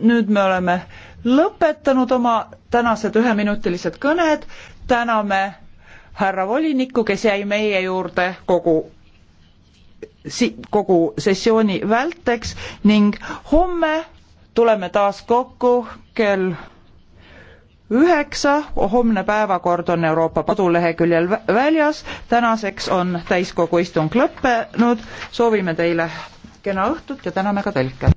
nüüd me oleme lõpetanud oma tänased üheminutilised kõned, täname härra volinikku, kes jäi meie juurde kogu si-, kogu sessiooni välteks ning homme tuleme taas kokku kell üheksa, homne päevakord on Euroopa koduleheküljel väljas, tänaseks on täiskogu istung lõppenud, soovime teile kena õhtut ja täname ka tõlke.